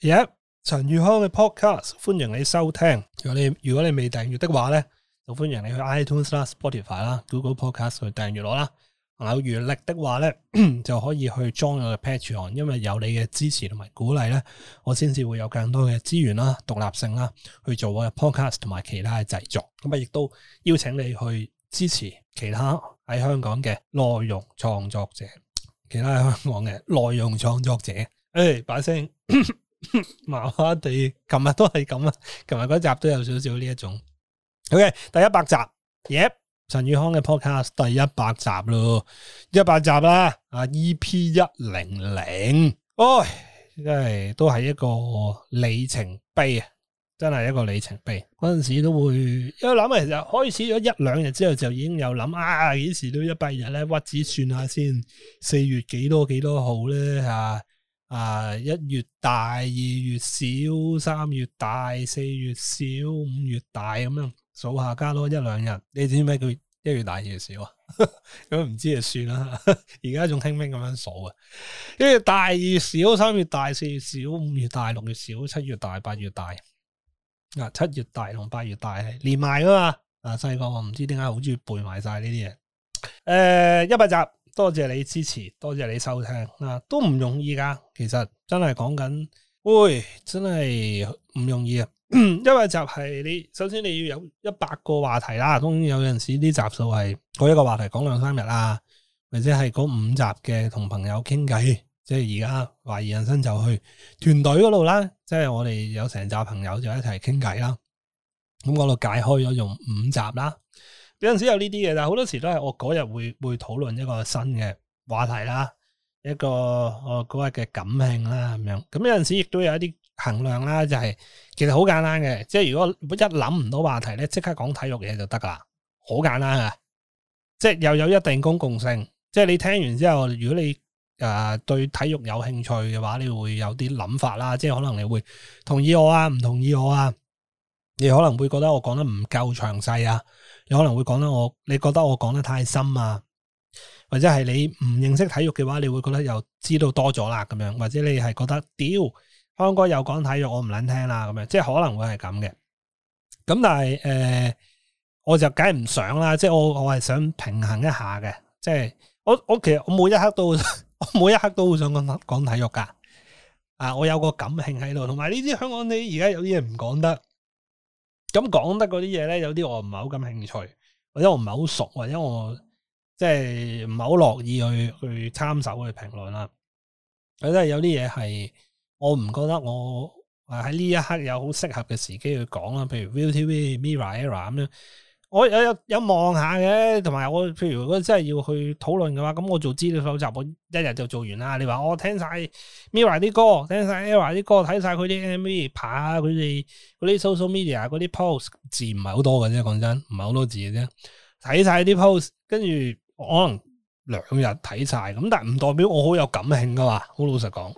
耶！陳宇康嘅 podcast，歡迎你收聽。如果你如果你未訂閱的話咧，就歡迎你去 iTunes 啦、Spotify 啦、Google Podcast 去訂閱我啦。有餘力的話咧，就可以去裝我嘅 Patreon，因為有你嘅支持同埋鼓勵咧，我先至會有更多嘅資源啦、獨立性啦，去做我嘅 podcast 同埋其他嘅製作。咁啊，亦都邀請你去支持其他喺香港嘅內容創作者，其他喺香港嘅內容創作者，誒、hey，把聲～ 麻麻地，琴日都係咁啊，琴日嗰集都有少少呢一種。OK，第一百集，Yep 陳宇康嘅 Podcast 第一百集咯，一百集啦，啊 EP 一零零，哎，真係都係一個里程碑啊，真係一個里程碑。嗰陣時都會，因為諗其實開始咗一兩日之後就已經有諗啊，幾時到一百日咧？屈指算下先，四月幾多幾多號咧啊？啊！一月大，二月小，三月大，四月小，五月大咁樣數下，加多一兩日。你知唔知咩叫一月大，二月小啊？咁 唔知就算啦。而家仲聽咩咁樣數啊？一月大，二月小，三月大，四月小，五月大，六月小，七月大，八月大。啊，七月大同八月大係連埋噶嘛？啊，細個我唔知點解好中意背埋晒呢啲嘢。誒、啊，一百集。多謝你支持，多謝你收聽啊，都唔容易噶。其實真係講緊，喂，真係唔容易啊。 因為一集係你首先你要有一百個話題啦，當然有陣時啲集數係嗰一個話題講兩三日啦，或者係嗰五集嘅同朋友傾偈。即係而家懷疑人生就去團隊嗰度啦，即係我哋有成集朋友就一齊傾偈啦。咁我度解開咗用五集啦。有陣時有呢啲嘢，但係好多時都係我嗰日會會討論一個新嘅話題啦，一個我嗰日嘅感興啦咁樣。咁有陣時亦都有一啲衡量啦，就係其實好簡單嘅，即係如果一諗唔到話題咧，即刻講體育嘢就得啦，好簡單嘅。即係又有一定公共性，即係你聽完之後，如果你誒對體育有興趣嘅話，你會有啲諗法啦。即係可能你會同意我啊，唔同意我啊，你可能會覺得我講得唔夠詳細啊。你可能會講得我你覺得我講得太深啊，或者係你唔認識體育嘅話，你會覺得又知道多咗啦咁樣，或者你係覺得屌、呃，香港又講體育，我唔捻聽啦咁樣，即係可能會係咁嘅。咁但係誒、呃，我就梗係唔想啦，即係我我係想平衡一下嘅，即係我我其實我每一刻都我每一刻都好想講講體育噶。啊，我有個感情喺度，同埋呢啲香港你而家有啲嘢唔講得。咁講得嗰啲嘢咧，有啲我唔係好咁興趣，或者我唔係好熟，或者我即係唔係好樂意去去參手去評論啦。或者有啲嘢係我唔覺得我喺呢一刻有好適合嘅時機去講啦。譬如 ViuTV Mirror Era 咁，我有有有望下嘅，同埋我譬如如果真係要去討論嘅話，咁我做資料搜集，我一日就做完啦。你話我聽晒 Mirror 啲歌，聽晒 Error 啲歌，睇晒佢啲 MV 扒下佢哋嗰啲 social media 嗰啲 post 字唔係好多嘅啫，講真唔係好多字嘅啫。睇晒啲 post，跟住可能兩日睇晒咁，但係唔代表我好有感興趣噶嘛。好老實講，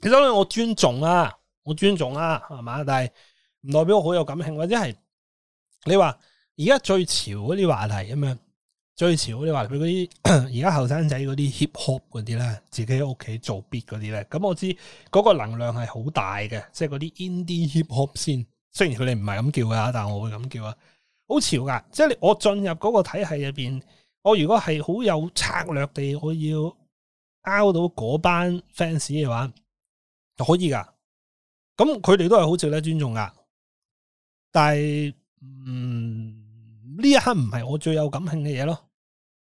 其實我尊重啊，我尊重啊，係嘛？但係唔代表我好有感興趣，或者係你話。而家最潮嗰啲話題咁樣，最潮啲話佢啲，而家後生仔嗰啲 hip hop 嗰啲咧，自己喺屋企做 beat 嗰啲咧，咁我知嗰個能量係好大嘅，即係嗰啲 indie hip hop 先。雖然佢哋唔係咁叫啊，但係我會咁叫啊，好潮噶。即係我進入嗰個體系入邊，我如果係好有策略地我要交到嗰班 fans 嘅話，可以噶。咁佢哋都係好值得尊重噶，但係，嗯。呢一刻唔係我最有感興趣嘅嘢咯，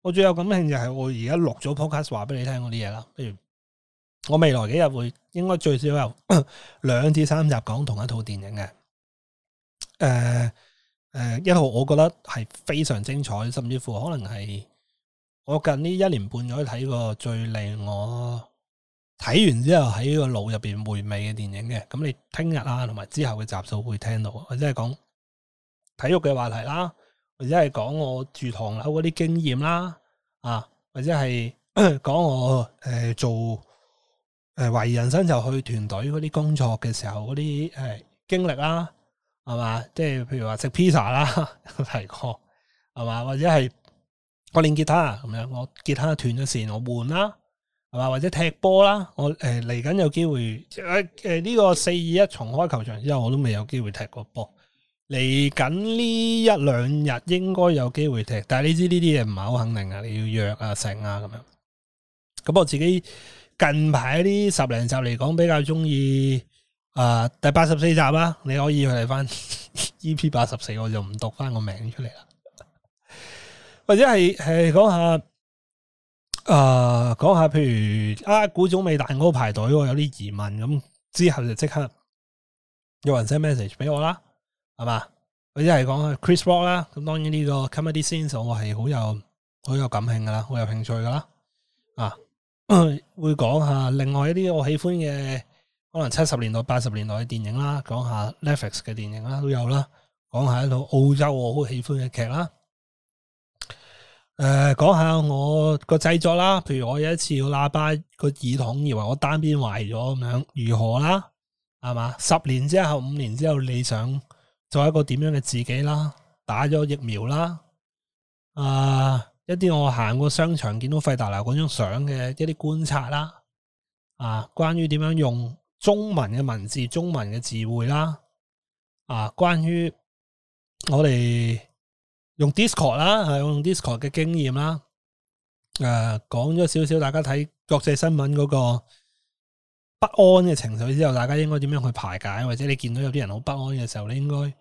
我最有感興趣就係我而家錄咗 podcast 話俾你聽嗰啲嘢啦。譬如我未來幾日會，應該最少有兩至三集講同一套電影嘅，呃。誒、呃、誒，一號我覺得係非常精彩，甚至乎可能係我近呢一年半載睇過最令我睇完之後喺個腦入邊回味嘅電影嘅，啊。咁你聽日啦，同埋之後嘅集數會聽到，或者係講體育嘅話題啦。或者係講我住唐樓嗰啲經驗啦，啊，或者係講 我誒、呃、做誒懷、呃、疑人生就去團隊嗰啲工作嘅時候嗰啲誒經歷啦，係嘛？即係譬如話食 pizza 啦，提過係嘛？或者係我練吉他咁樣，我吉他斷咗線我換啦，係嘛？或者踢波啦，我誒嚟緊有機會誒呢、呃呃呢個四二一重開球場之後我都未有機會踢過波。嚟緊呢一兩日應該有機會踢，但係你知呢啲嘢唔係好肯定啊！你要約啊、成啊咁樣。咁我自己近排呢十零集嚟講，比較中意、呃、啊第八十四集啦。你可以去睇翻 E P 八十四，呵呵 EP84、我就唔讀翻個名出嚟啦。或者係係講下啊，講、呃、下譬如啊古早味蛋糕排隊，喎，有啲疑問咁，之後就即刻有人 send message 俾我啦。係嘛？或者係講 Chris Rock 啦，咁當然呢個 Comedy Central 我係好有好有感興趣噶啦，好有興趣噶啦，啊會講下另外一啲我喜歡嘅可能七十年代、八十年代嘅電影啦，講下 Netflix 嘅電影啦都有啦，講下一套澳洲我好喜歡嘅劇啦，誒、呃、講下我個製作啦，譬如我有一次要喇叭個耳筒以為我單邊壞咗咁樣，如何啦？係嘛？十年之後、五年之後，你想？做一個點樣嘅自己啦，打咗疫苗啦，啊，一啲我行過商場見到費達拿嗰張相嘅一啲觀察啦，啊，關於點樣用中文嘅文字、中文嘅字彙啦，啊，關於我哋用 Discord 啦，係用 Discord 嘅經驗啦，誒、啊，講咗少少，大家睇國際新聞嗰個不安嘅情緒之後，大家應該點樣去排解，或者你見到有啲人好不安嘅時候，你應該。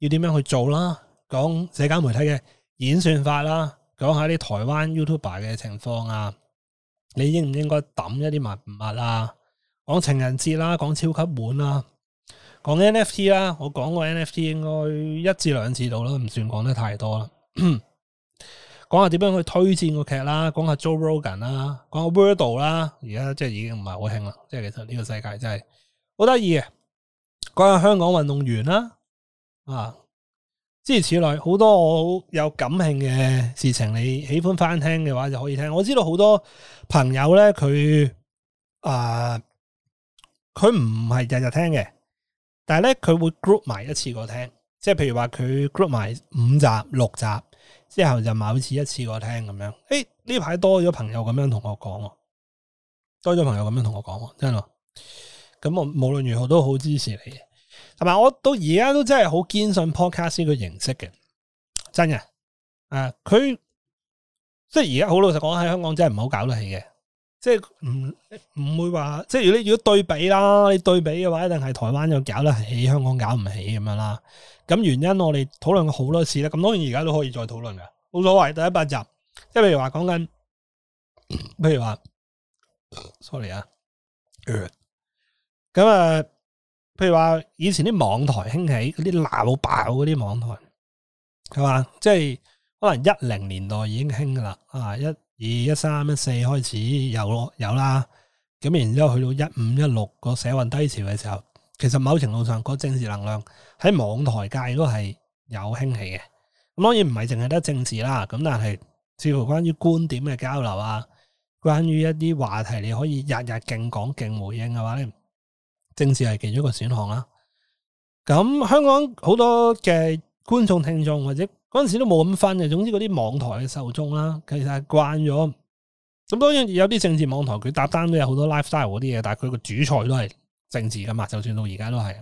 要點樣去做啦？講社交媒體嘅演算法啦，講下啲台灣 YouTuber 嘅情況啊。你應唔應該抌一啲物物啊？講情人節啦，講超級碗啦，講 NFT 啦。我講過 NFT 應該一至兩次到啦，唔算講得太多啦。講下點樣去推薦個劇啦，講下 Joe Rogan 啦，講下 Wordle 啦。而家即係已經唔係好興啦，即係其實呢個世界真係好得意嘅。講下香港運動員啦。啊，諸如此類，好多我有感興嘅事情，你喜歡翻聽嘅話就可以聽。我知道好多朋友咧，佢啊，佢唔係日日聽嘅，但係咧佢會 group 埋一次過聽，即係譬如話佢 group 埋五集六集之後就某次一次過聽咁樣。誒、欸，呢排多咗朋友咁樣同我講，多咗朋友咁樣同我講，真咯。咁我無論如何都好支持你。同咪？我到而家都真係好堅信 podcast 呢個形式嘅，真嘅，誒、啊，佢即係而家好老實講喺香港真係唔好搞得起嘅，即係唔唔會話即係如果你如果對比啦，你對比嘅話一定係台灣又搞得起，香港搞唔起咁樣啦。咁原因我哋討論過好多次啦，咁當然而家都可以再討論㗎，冇所謂。第一百集，即係譬如話講緊，譬如話，sorry 啊，咁、呃、啊。譬如話以前啲網台興起嗰啲鬧爆嗰啲網台，係嘛？即係可能一零年代已經興噶啦，啊一二一三一四開始有咯有啦，咁然之後去到一五一六個社運低潮嘅時候，其實某程度上個政治能量喺網台界都係有興起嘅。咁當然唔係淨係得政治啦，咁但係似乎關於觀點嘅交流啊，關於一啲話題你可以日日勁講勁回應嘅話咧。政治係其中一個選項啦，咁香港好多嘅觀眾聽眾或者嗰陣時都冇咁分嘅，總之嗰啲網台嘅受眾啦，其實係慣咗。咁當然有啲政治網台佢搭單都有好多 lifestyle 嗰啲嘢，但係佢個主菜都係政治噶嘛，就算到而家都係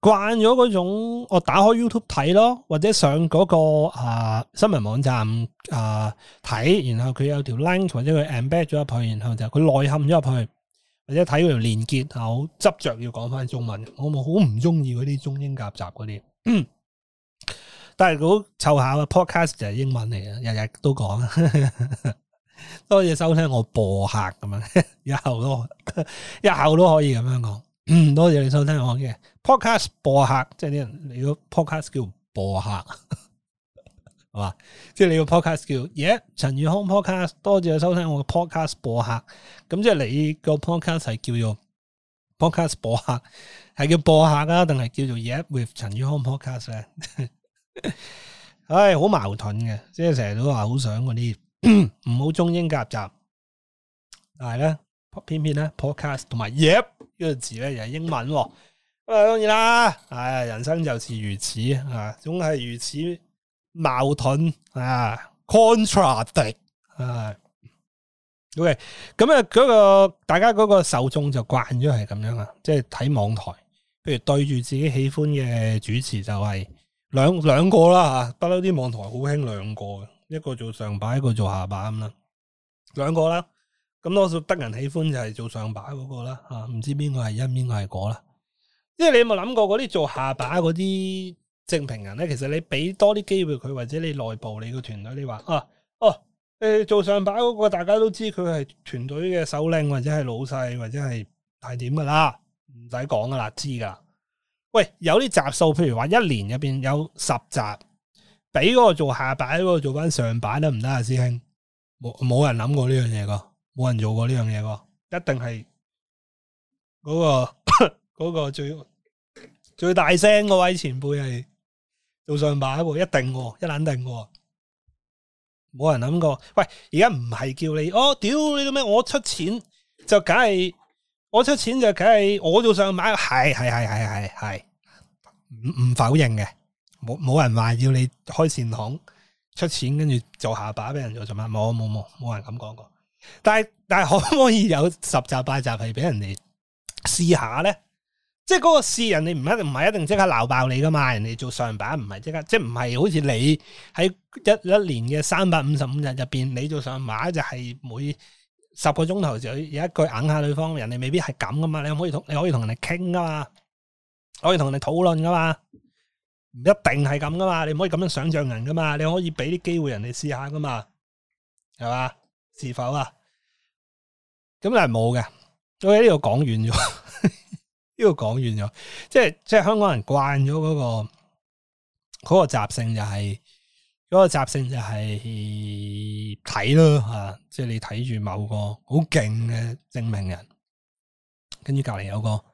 慣咗嗰種。我、哦、打開 YouTube 睇咯，或者上嗰、嗰個啊新聞網站啊睇，然後佢有條 link 或者佢 embed 咗入去，然後就佢內嵌咗入去。或者睇嗰條鏈接，好執着要講翻中文，我冇好唔中意嗰啲中英夾雜嗰啲。但係好湊巧啊，podcast 就係英文嚟啊，日日都講。多謝收聽我播客咁樣，日後都日後都可以咁樣講，嗯。多謝你收聽我嘅 podcast 播客，即係啲人，你個 podcast 叫播客。即係你個 podcast 叫耶陳宇康 podcast，多謝收聽我個 podcast 播客。咁即係你個 podcast 係叫做 podcast 播客，係叫播客啊？定係叫做耶、yeah？With 陳宇康 podcast 咧，唉，好、 哎、矛盾嘅。即係成日都話好想嗰啲唔好中英夾雜，但係咧偏偏咧 podcast 同埋耶呢個字咧又係英文喎。咁、哎、啊，當然啦，唉、哎，人生就如、啊、是如此啊，總係如此。矛盾啊，contradict 啊，OK，咁啊嗰個大家嗰個受眾就慣咗係咁樣啊，即係睇網台，譬如對住自己喜歡嘅主持就係、是、兩兩個啦嚇不嬲啲網台好興兩個嘅，一個做上把，一個做下把咁啦，兩個啦，咁多數得人喜歡就係做上把嗰個啦唔、啊、知邊個係因邊個係果啦，即係你有冇諗過嗰啲做下把嗰啲？正平人咧，其實你俾多啲機會佢，或者你內部你個團隊，你話啊哦，誒、呃、做上擺嗰個，大家都知佢係團隊嘅首領，或者係老細，或者係係點噶啦，唔使講噶啦，知噶。喂，有啲集數，譬如話一年入邊有十集，俾嗰個做下擺嗰、嗰個做翻上擺得唔得啊？師兄，冇冇人諗過呢樣嘢噶，冇人做過呢樣嘢噶，一定係嗰、嗰個嗰 個最最大聲嗰位前輩係。做上把喎，一定喎，一撚定喎，冇人諗過。喂，而家唔係叫你，我、哦、屌你做咩？我出錢就梗係，我出錢就梗係，我做上把係係係係係係，唔唔否認嘅，冇冇人話要你開線行出錢，跟住做下把俾人做做乜？冇冇冇，冇人咁講過。但係但係可唔可以有十集八集係俾人哋試下咧？即係嗰個試人哋唔一唔係一定即刻鬧爆你噶嘛，人哋做上把，唔係即刻，即係唔係好似你喺一一年嘅三百五十五日入邊，你做上把，就係、是、每十個鐘頭就有一句硬下對方，人哋未必係咁噶嘛，你可以同你可以同人哋傾噶嘛，可以同人哋討論噶嘛，唔一定係咁噶嘛，你唔可以咁樣想象人噶嘛，你可以俾啲機會人哋試下噶嘛，係嘛？是否啊？咁但係冇嘅，我喺呢度講完咗。呢個講完咗，即係即係香港人慣咗嗰個嗰個習性，就係嗰個習性就係睇咯吓、啊，即係你睇住某個好勁嘅證明人，跟住隔籬有個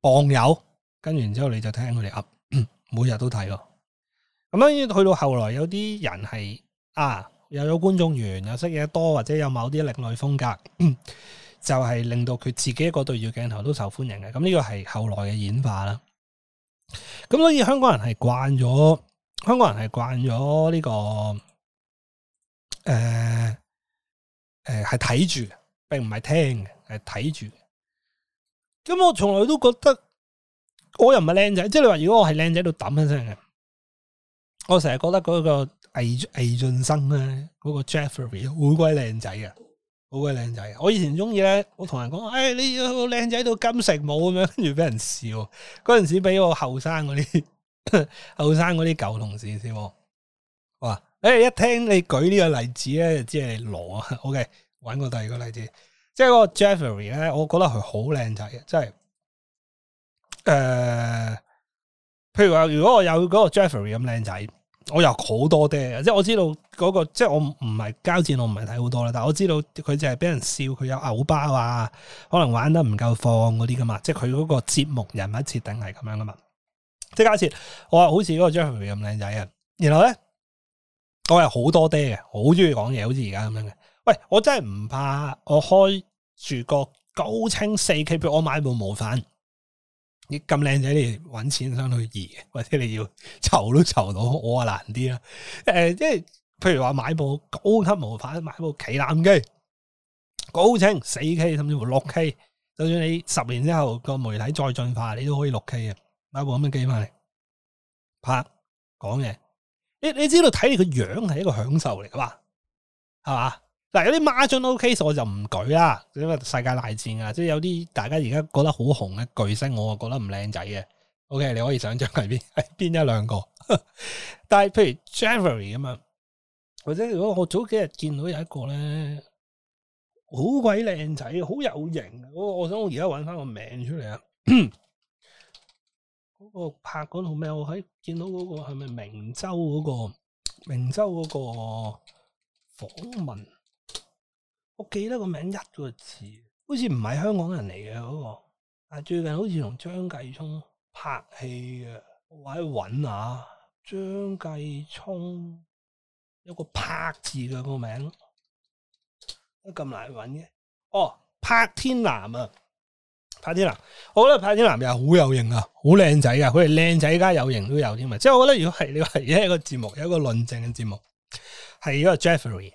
傍友，跟住之後你就聽佢哋噏，每日都睇咯。咁樣去到後來，有啲人係啊，又有觀眾緣，又識嘢多，或者有某啲另類風格。就係、是、令到佢自己一個對住鏡頭都受歡迎嘅，咁呢個係後來嘅演化啦。咁所以香港人係慣咗，香港人係慣咗呢個，誒誒係睇住，並唔係聽嘅，係睇住。咁我從來都覺得，我又唔係靚仔，即係你話如果我係靚仔都抌一聲嘅。我成日覺得嗰個魏俊生咧，嗰、啊那個 Jeffrey 好鬼靚仔啊！好鬼靚仔！我以前中意咧，我同人講，誒，你要靚仔到金城武咁樣，跟住俾人笑。嗰陣時俾我後生嗰啲後生嗰啲舊同事笑。哇！誒，一聽你舉呢個例子咧，即係羅。O. K. 揾個第二個例子，即係個 Jeffrey 咧，我覺得佢好靚仔，即係。誒、呃，譬如話，如果我有嗰個 Jeffrey 咁靚仔。我又好多爹，即係我知道嗰、那個，即係我唔係交戰，我唔係睇好多啦。但係我知道佢淨係俾人笑，佢有嘔包啊，可能玩得唔夠放嗰啲，噶嘛，即係佢嗰個節目人物設定係咁樣噶嘛。即係假設我係好似嗰個張學友咁靚仔啊，然後咧我係好多爹嘅，好中意講嘢，好似而家咁樣嘅。喂，我真係唔怕，我開住個高清四 K，俾我買部模範。你咁靚仔，你搵錢相對易，或者你要籌都籌到，我啊難啲啦。誒、呃，即係譬如話買部高級模牌，買部旗艦機，高清四 K 甚至乎六 K，就算你十年之後個媒體再進化，你都可以六 K 啊！買部咁嘅機翻嚟拍講嘢，你你知道睇你個樣係一個享受嚟㗎嘛，係嘛？嗱、嗯，有啲 marginal 都 OK，我就唔舉啦。因為世界大戰啊，即係有啲大家而家覺得好紅嘅巨星，我就覺得唔靚仔嘅。OK，你可以想象佢邊邊一兩個。 但係譬如 Jeffrey 啊嘛，或者如果我早幾日見到有一個咧，好鬼靚仔，好有型。我我想我而家揾翻個名出嚟啊！嗰、 那個拍嗰套咩？我喺見到嗰、那個係咪明州嗰、那個明州嗰個訪問？我記得個名一個字，好似唔係香港人嚟嘅嗰個，但最近好似同張繼聰拍戲嘅，我喺度揾下張繼聰，有個柏字嘅個名，咁難揾嘅。哦，柏天男啊，柏天男，我覺得柏天男又好有型啊，好靚仔啊，佢係靚仔加有型都有添嘛。即係我覺得如果係呢個而家一個節目，有一個論證嘅節目，係一個 Jeffrey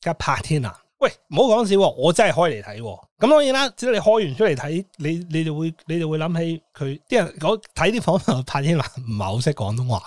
加柏天男。喂，唔好講笑，我真係開嚟睇，咁當然啦，只要你開完出嚟睇，你你就會，你就會諗起佢啲人，我睇啲訪問，拍天啦唔係好識廣東話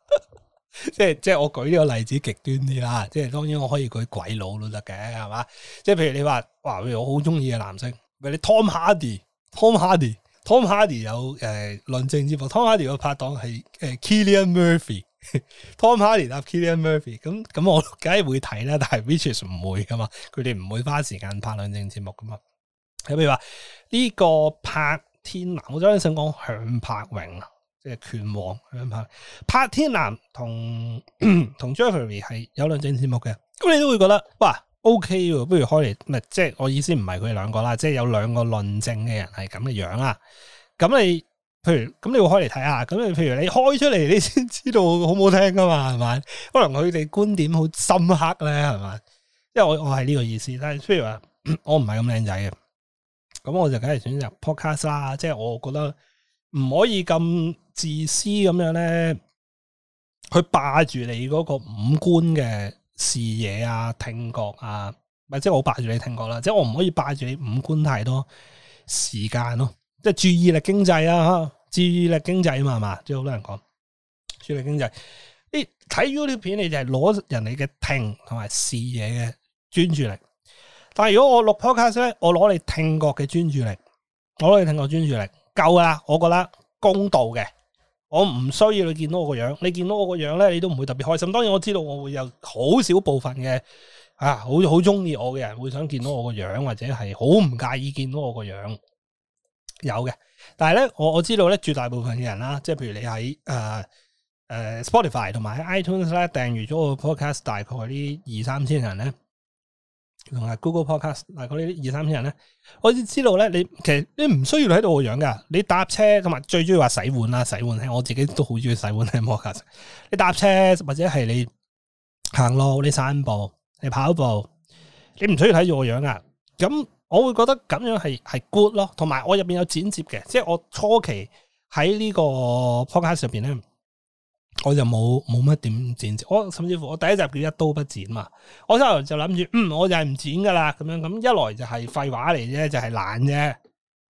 即係即係我舉呢個例子極端啲啦，即係當然我可以舉鬼佬都得嘅，係嘛？即係譬如你話，哇，譬如我好中意嘅男星，咪你 Tom Hardy，Tom Hardy，Tom Hardy, Hardy 有誒論證之父，Tom Hardy 嘅拍檔係誒 Cillian Murphy。 Tom Hardy 搭 Cillian Murphy，咁咁我梗係會睇啦，但係 Witches 唔會噶嘛，佢哋唔會花時間拍兩正節目噶嘛。例如話呢、這個柏天南，我真係想講向柏榮啊，即、就、係、是、拳王向柏榮，柏天南同同 Jeffrey 係有兩正節目嘅，咁你都會覺得哇 OK，不如開嚟，唔係即係我意思唔係佢哋兩個啦，即係有兩個論證嘅人係咁嘅樣啦，咁你。譬如咁，你會開嚟睇下，咁你譬如你開出嚟，你先知道好唔好聽噶嘛，係咪？可能佢哋觀點好深刻咧，係咪？即係我我係呢個意思，但係譬如話我唔係咁靚仔嘅，咁我就梗係選擇 podcast 啦。即係我覺得唔可以咁自私咁樣咧，去霸住你嗰個五官嘅視野啊、聽覺啊，或者我霸住你聽覺啦，即係我唔可以霸住你五官太多時間咯。即係注意力經濟啊！吓，注意力經濟啊嘛，係嘛，即係好多人講注意力經濟。你、欸、睇 YouTube 片，你就係、是、攞人哋嘅聽同埋視野嘅專注力。但係如果我錄 podcast 咧，我攞你聽覺嘅專注力，我攞你聽覺專注力夠啊，我覺得公道嘅，我唔需要你見到我個樣。你見到我個樣咧，你都唔會特別開心。當然我知道我會有好少部分嘅啊，好好中意我嘅人會想見到我個樣，或者係好唔介意見到我個樣。有嘅，但係咧，我我知道咧，絕大部分嘅人啦，即係譬如你喺誒誒 Spotify 同埋 iTunes 咧訂閱咗個 podcast，大概呢二三千人咧，同埋 Google Podcast，大概呢二三千人咧，我知知道咧，你其實你唔需要睇到我個樣噶，你搭車同埋最中意話洗碗啦，洗碗聽，我自己都好中意洗碗聽 podcast， 你搭車或者係你行路，你散步，你跑步，你唔需要睇住我個樣噶，咁。我會覺得咁樣係係 good 咯，同埋我入邊有剪接嘅，即係我初期喺呢個 podcast 上邊咧，我就冇冇乜點剪接。我甚至乎我第一集叫一刀不剪嘛，我就就諗住嗯，我就係唔剪噶啦，咁樣咁一來就係廢話嚟啫，就係、是、懶啫。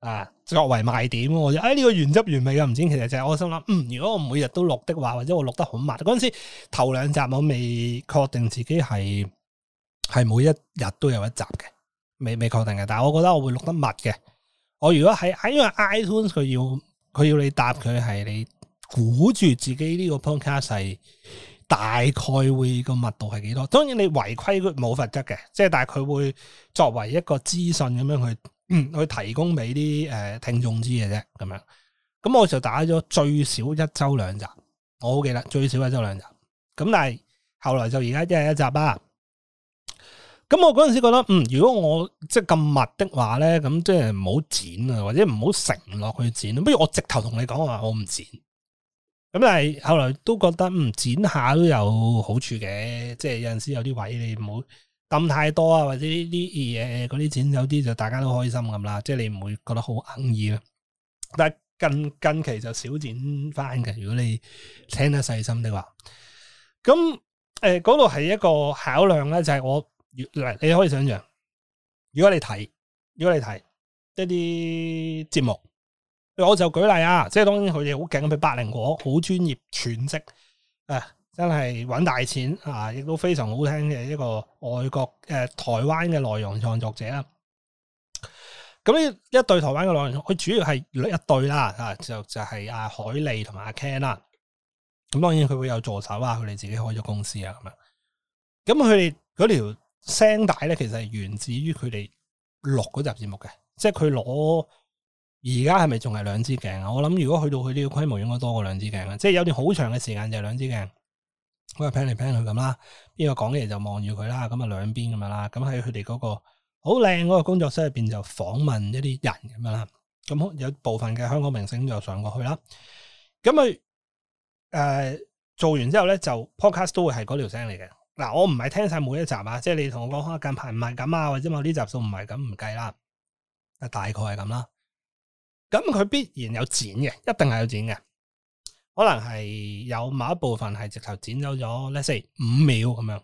啊，作為賣點，我就誒呢、哎這個原汁原味嘅唔剪，其實就係我心諗，嗯，如果我每日都錄的話，或者我錄得好慢，嗰陣時頭兩集我未確定自己係係每一日都有一集嘅。未未確定嘅，但係我覺得我會錄得密嘅。我如果喺喺因為 iTunes 佢要佢要你答佢係你估住自己呢個 podcast 係大概會個密度係幾多？當然你違規佢冇罰則嘅，即係但係佢會作為一個資訊咁樣去、嗯、去提供俾啲誒聽眾知嘅啫。咁樣咁我就打咗最少一周兩集，我好記得最少一周兩集。咁但係後來就而家一係一集啦。咁我嗰陣時覺得，嗯，如果我即係咁密的話咧，咁即係唔好剪啊，或者唔好承落去剪，不如我直頭同你講話，我唔剪。咁但係後來都覺得，嗯，剪下都有好處嘅，即係有陣時有啲位你唔好抌太多啊，或者呢啲嘢嗰啲剪，有啲就大家都開心咁啦，即係你唔會覺得好硬意咯，但係近近期就少剪翻嘅，如果你聽得細心的話，咁誒，嗰度係一個考量咧，就係我。嚟，你可以想象，如果你睇，如果你睇一啲節目，我就舉例啊，即係當然佢哋好勁嘅，百靈果，好專業全職啊，真係搵大錢啊，亦都非常好聽嘅一個外國誒、呃、台灣嘅內容創作者啦。咁呢一對台灣嘅內容，佢主要係一對啦，啊就就係阿凱莉同埋阿 Ken 啦。咁當然佢會有助手啊，佢哋自己開咗公司啊，咁啊。咁佢哋嗰條聲帶咧，其實係源自於佢哋錄嗰集節目嘅，即係佢攞而家係咪仲係兩支鏡啊？我諗如果去到佢呢個規模，應該多過兩支鏡啊！即係有段好長嘅時間就係兩支鏡，咁啊 pan 嚟 pan 去咁啦。邊個講嘢就望住佢啦，咁啊兩邊咁樣啦。咁喺佢哋嗰個好靚嗰個工作室入邊，就訪問一啲人咁樣啦。咁有部分嘅香港明星都有上過去啦。咁啊，誒、呃，做完之後咧，就 podcast 都會係嗰條聲嚟嘅。嗱，我唔係聽晒每一集啊，即係你同我講下近排唔係咁啊，或者某啲集數唔係咁，唔計啦。大概係咁啦。咁佢必然有剪嘅，一定係有剪嘅。可能係有某一部分係直頭剪走咗，let's say 五秒咁樣。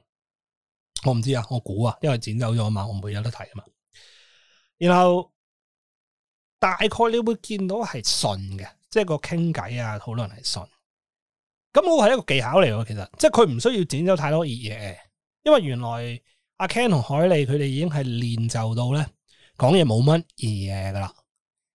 我唔知啊，我估啊，因為剪走咗嘛，我唔會有得睇啊嘛。然後大概你會見到係順嘅，即係個傾偈啊，討論係順。咁我係一個技巧嚟喎，其實即係佢唔需要剪走太多熱嘢，因為原來阿 Ken 同海利佢哋已經係練就到咧，講嘢冇乜熱嘢噶啦，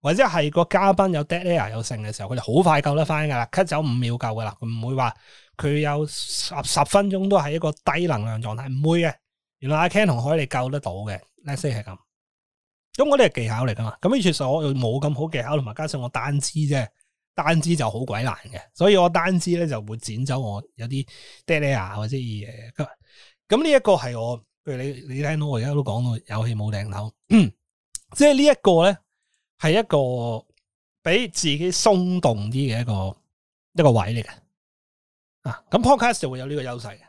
或者係個嘉賓有 dead air 有剩嘅時候，佢哋好快救得翻噶啦，cut 走五秒夠噶啦，佢唔會話佢有十十分鐘都係一個低能量狀態，唔會嘅。原來阿 Ken 同海利救得到嘅，let’s say 係咁。咁我啲係技巧嚟噶嘛，咁其實我又冇咁好技巧，同埋加上我單支啫。單支就好鬼難嘅，所以我單支咧就會剪走我有啲爹哋啊或者嘢，咁咁呢一個係我，譬如你你聽到我而家都講到有氣冇頂頭，即係呢一個咧係一個俾自己鬆動啲嘅一個一個位嚟嘅，啊咁 podcast 就會有呢個優勢嘅，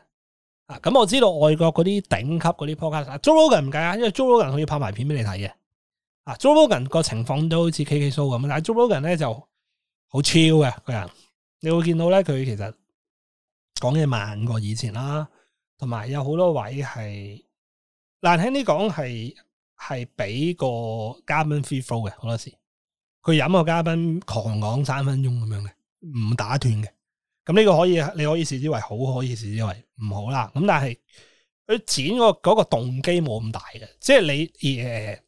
啊咁我知道外國嗰啲頂級嗰啲 podcast、啊、Joe Rogan 唔計啊，因為 Joe Rogan 可以拍埋片俾你睇嘅，啊 Joe Rogan 個情況都好似 KK Show 咁，但係 Joe Rogan 咧就。好超嘅個人，你會見到咧，佢其實講嘢慢過以前啦，同埋有好多位係，難聽啲講係係俾個嘉賓 free flow 嘅好多時，佢飲個嘉賓狂講三分鐘咁樣嘅，唔打斷嘅，咁呢個可以你可以視之為好，可以視之為唔好啦。咁但係佢剪個嗰個動機冇咁大嘅，即係你誒、呃，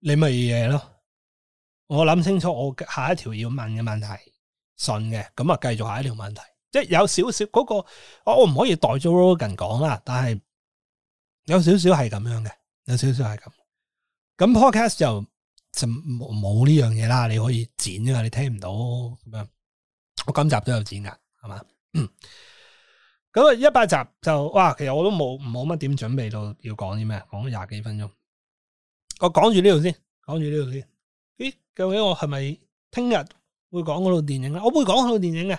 你咪嘢咯。我諗清楚，我下一條要問嘅問題，信嘅，咁啊繼續下一條問題，即係有少少嗰個，我我唔可以代咗 Rogan 講啦，但係有少少係咁樣嘅，有少少係咁。咁 podcast 就就冇呢樣嘢啦，你可以剪噶，你聽唔到咁樣。我今集都有剪噶，係嘛？咁啊， 那一百集就哇，其實我都冇冇乜點準備到，要講啲咩，講廿幾分鐘。我講住呢度先，講住呢度先。咦，究竟我係咪聽日會講嗰套電影咧？我會講嗰套電影嘅，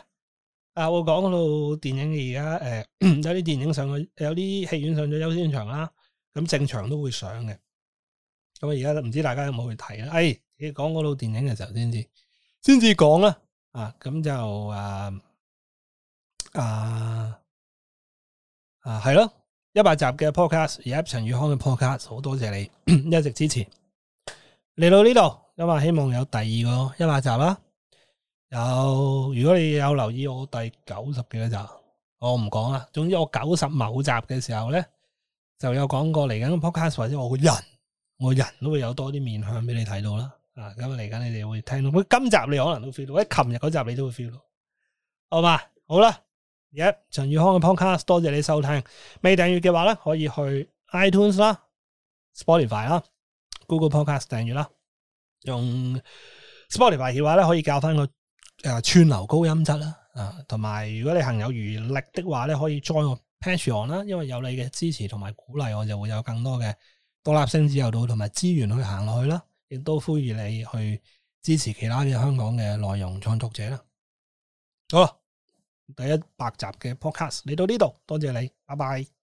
啊，會講嗰套電影嘅。而家誒，有啲電影上咗，有啲戲院上咗優先場啦。咁、啊、正常都會上嘅。咁而家唔知大家有冇去睇啦？誒、哎，要講嗰套電影嘅時候先至，先至講啦。啊，咁就啊啊啊係咯，100的 podcast，一百集嘅 podcast，而家陳宇康嘅 podcast，好多謝你一直支持。嚟到呢度，咁啊，希望有第二個一百集啦。有如果你有留意我第九十幾嘅集，我唔講啦。總之我九十某集嘅時候咧，就有講過嚟緊個 podcast 或者我個人，我人都會有多啲面向俾你睇到啦。啊，咁啊嚟緊你哋會聽到，喂，今集你可能都 feel 到，喂，琴日嗰集你都會 feel 到，好嘛？好啦，而家陳宇康嘅 podcast，多謝你收聽。未訂閱嘅話咧，可以去 iTunes 啦、Spotify 啦。Google Podcast 訂閱啦，用 Spotify 嘅話咧，可以教翻個誒、呃、串流高音質啦，啊，同埋如果你行有餘力的話咧，可以 join 我 Patreon 啦，因為有你嘅支持同埋鼓勵，我就會有更多嘅獨立性自由度同埋資源去行落去啦，亦都呼籲你去支持其他嘅香港嘅內容創作者啦。好、啊，第一百集嘅 podcast，嚟到呢度，多謝你，拜拜。